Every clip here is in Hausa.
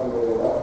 anlıyorlar.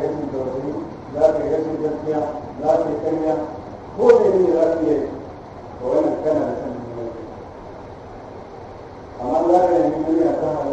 yi que tausayi za la que es gaskiya za ka que karya puede da ne za ka por ka wannan de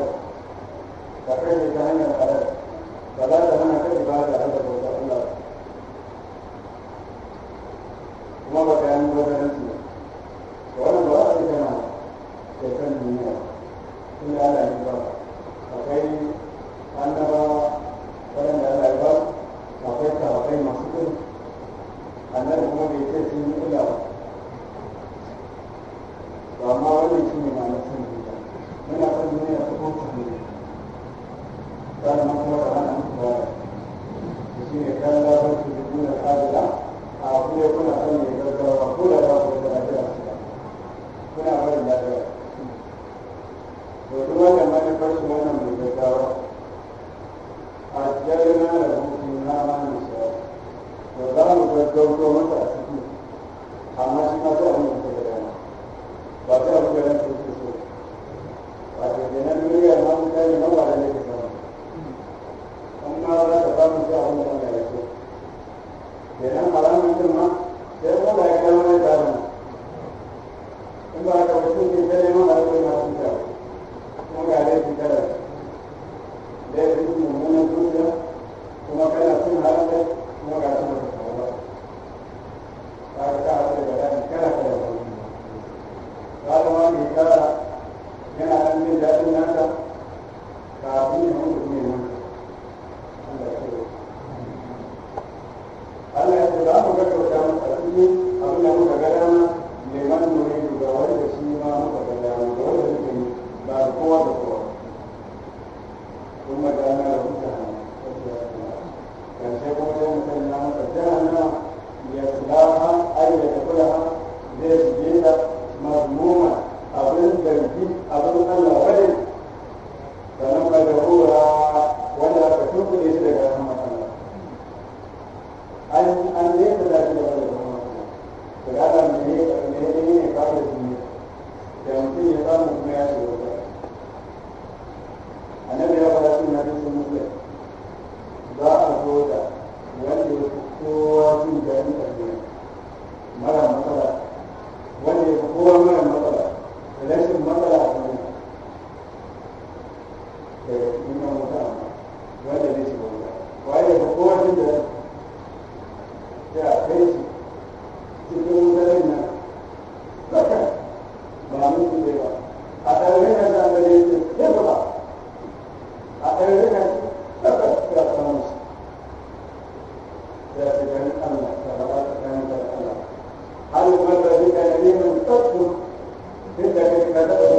in the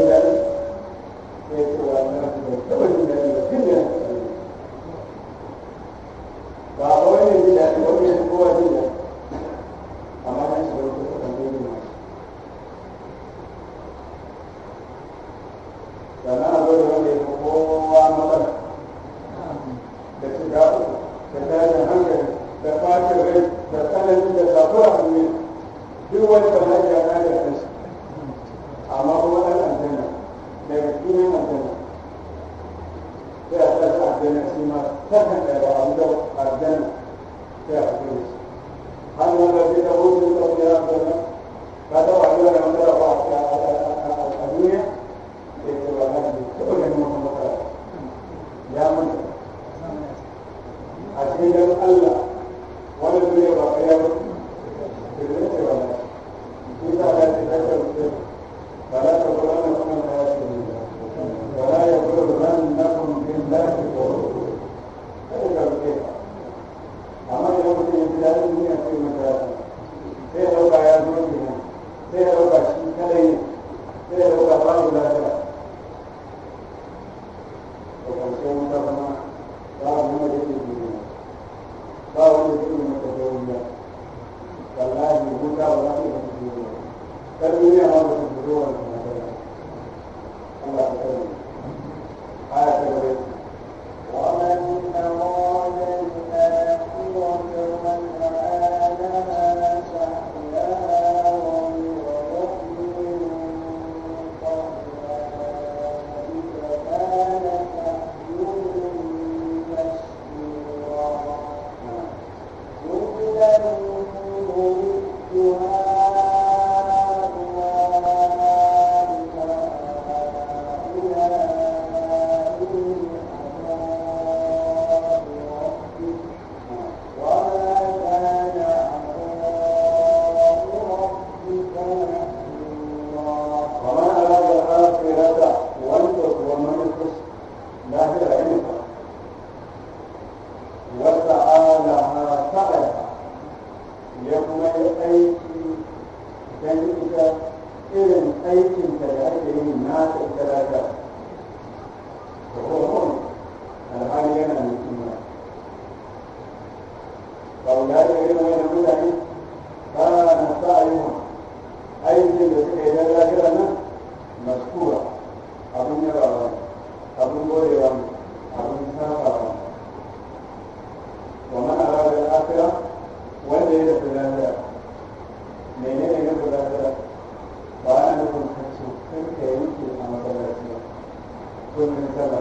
外面在哪？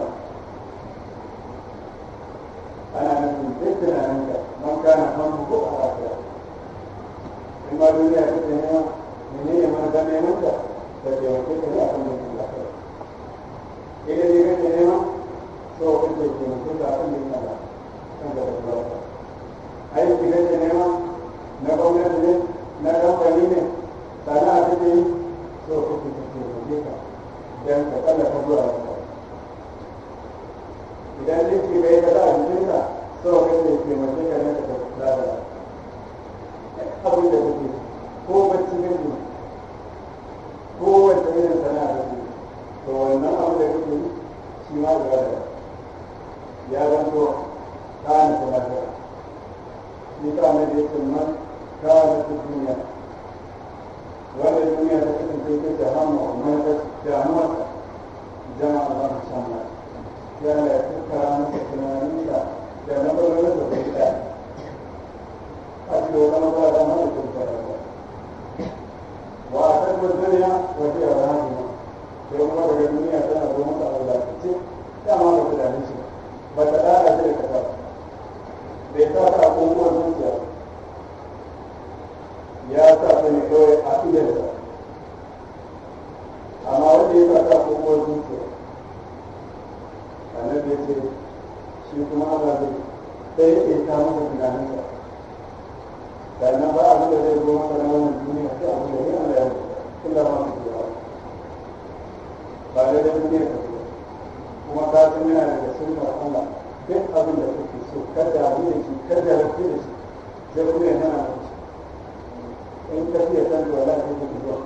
shi kuma ababe sai ya samu da tunaninsa sannan ba abin da zai zo masa na wannan duniya sai abin da yana da yawa illa ma su biya ba dai da duniya ta biya kuma ka san yana daga sunnar Allah duk abin da kake so kada mu da shi kada rafi da shi zai kuma yana da shi in ka fiye san da wala sai ka zuwa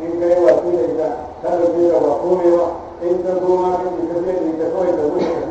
in ka yi wasu da ita kada zai rawa komewa in ka zo ma kake ka zai ne ka kawai da wuce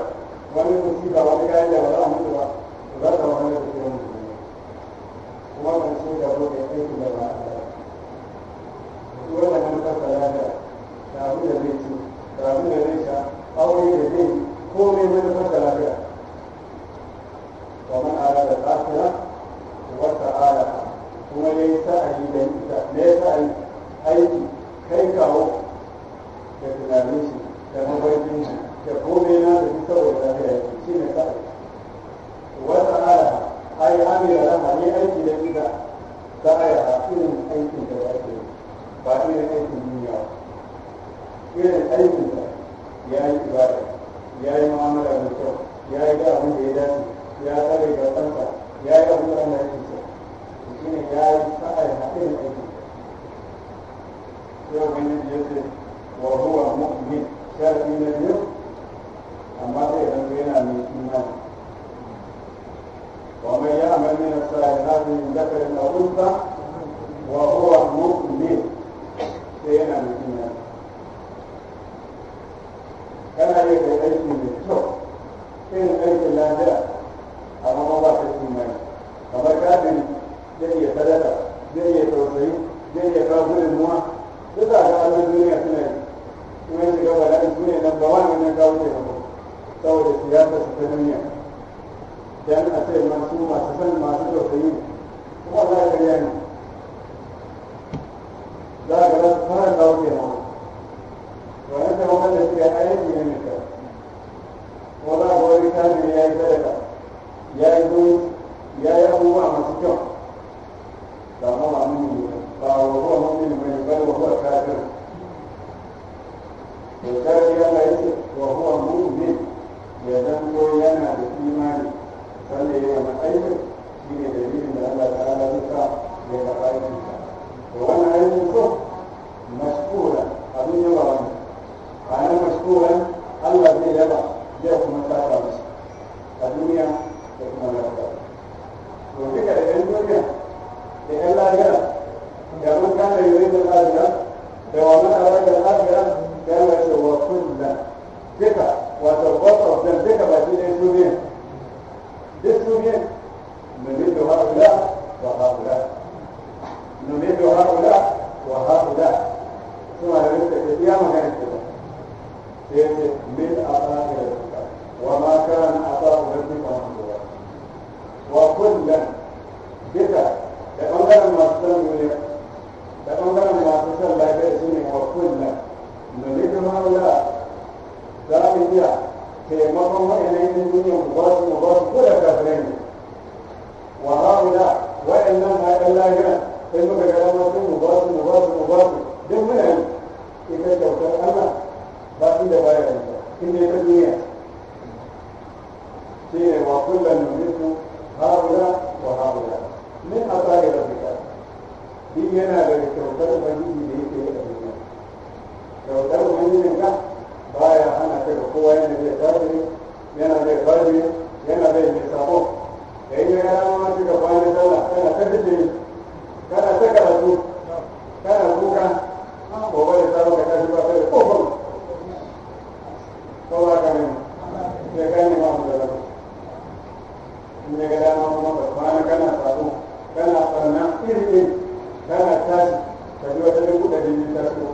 ya yi da abin da ya dace ya tsare ga kansa ya yi abin da Allah yake so to ya yi sa'a ya haɗe aiki sai ubangiji ya ce Thank you, Pastor.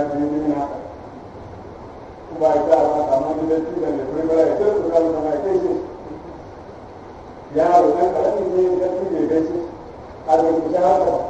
الكافرين وبعد ذلك أما جلسي من الفريق لا يتلقى كما ما يتلقى يا رب أنت أنت جلسي جلسي هذا المشاهدة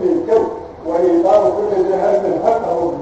بالكون وإيقاظ كل جهاز حقه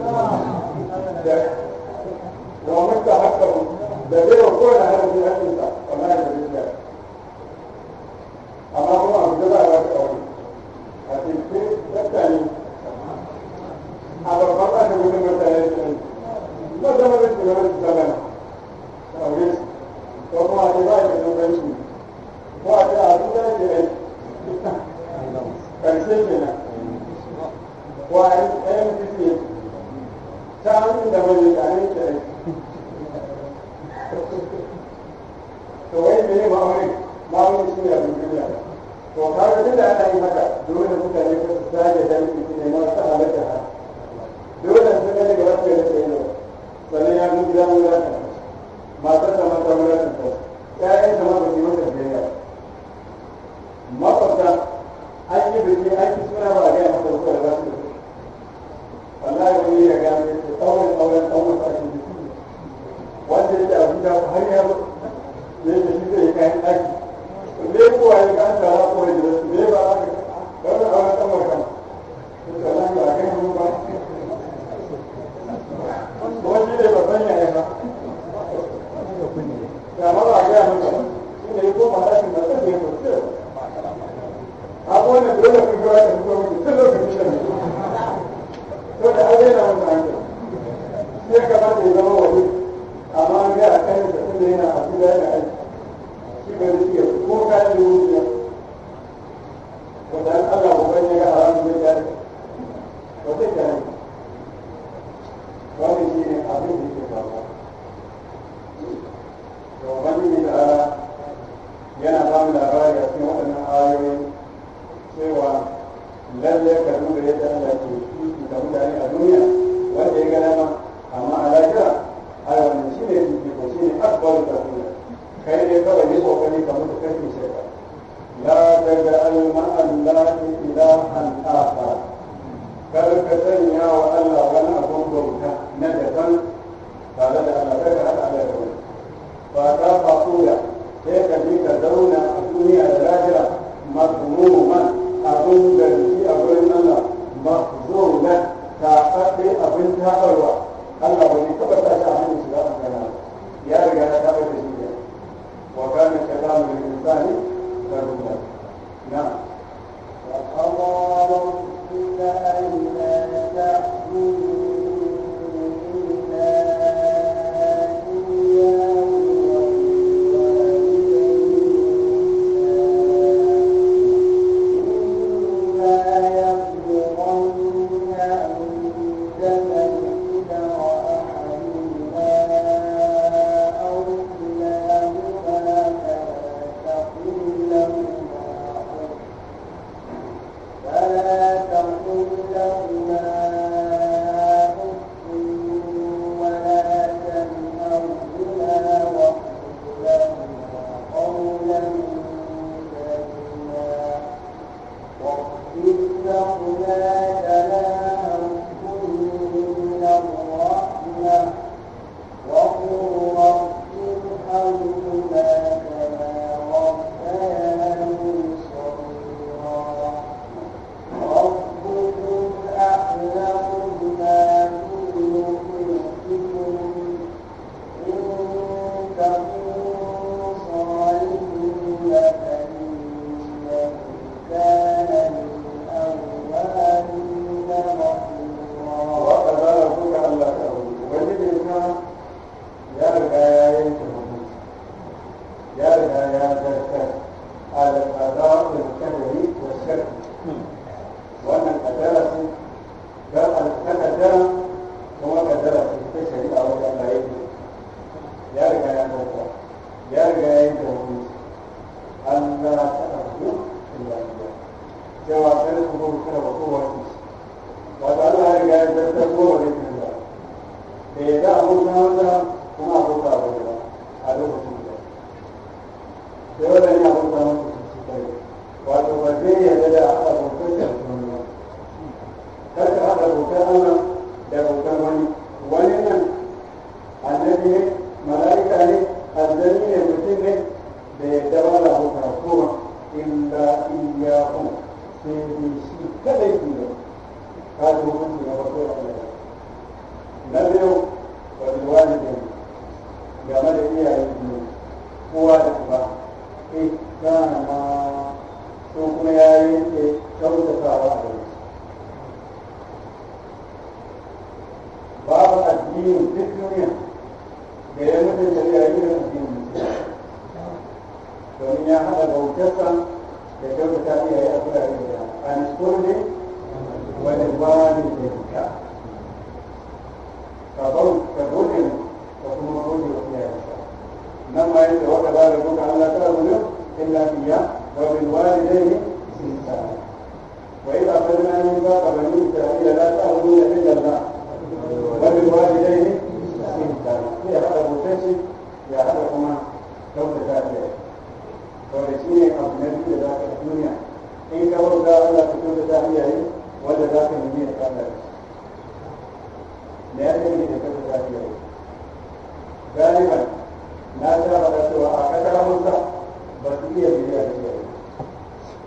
dia dia dia.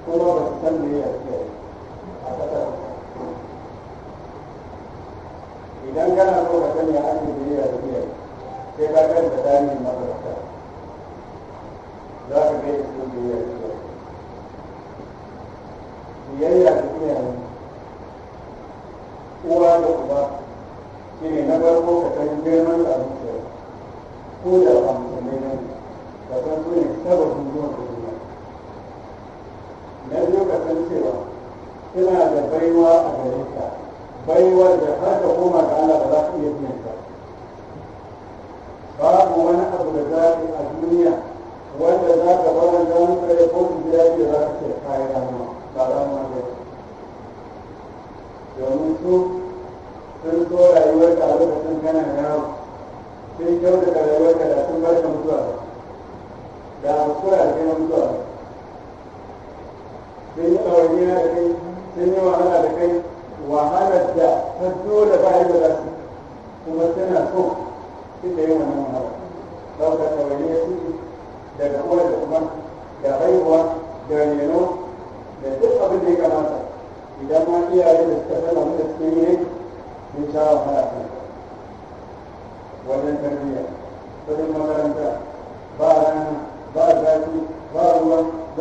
Kalau macam dia dia. Apa tak? Sedangkan aku katanya aku dia dia. Sebabkan katanya macam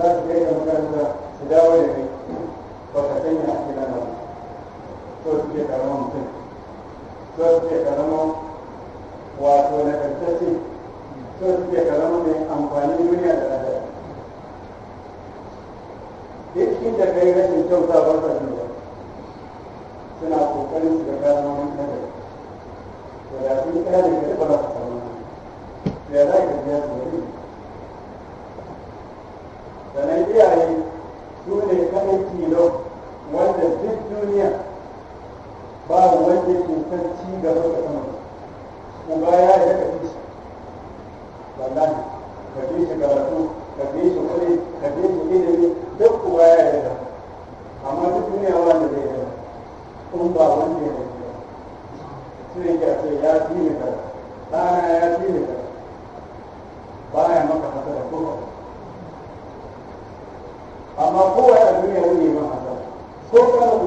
za su kai da makaranta su dawo da kai ba ka sanya a gida na so su ke karama mutum so su ke karama wato na karsashi so su ke karama mai amfani duniya da lafiya duk inda kai rashin kyauta ba sa duniya suna kokarin su ga gano wani kadari to da sun kare ka da ba za su samu ya za ka biya su wani sannan iyaye su ne kaɗai tilo wanda duk duniya babu wanda ke san ci gaba da sama uba ya yi daga fi shi wallahi ka bi shi karatu ka bi shi kuɗi ka bi shi ilimi duk uba ya yi daga amma duk duniya wanda zai yi kun ba wanda ya yi su ne ke ya fi ni karatu ɗana ya fi ni Thank you.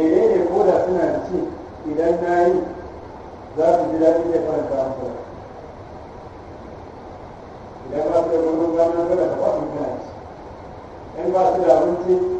menene ko da suna da ci idan na yi za su ji daɗi zai faranta hankali idan ba su da gudun gano kada ka su kana ci in ba su da abinci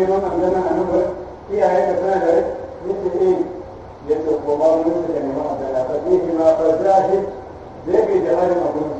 memang agama anu ber ia ayat kerana dari ini yaitu bahwa manusia memang adalah tapi bila terjadi dia berjalan dengan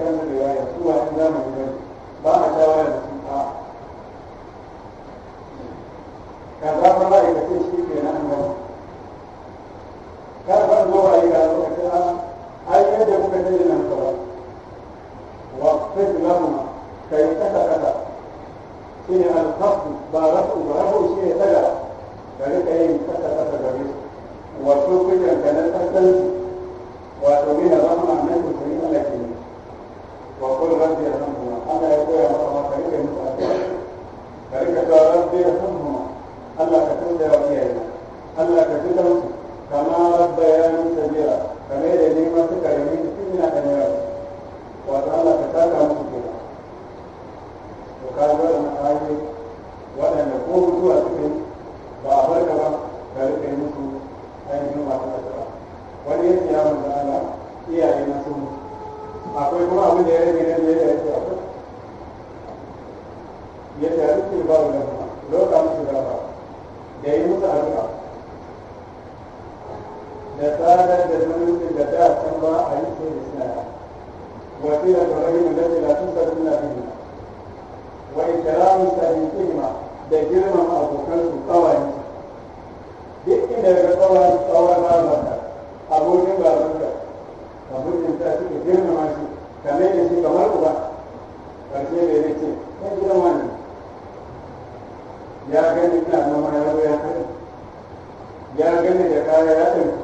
de la ya de a a ce kai wani ya gani ina ya zo ya kai ya gani da kaya ya ɗauki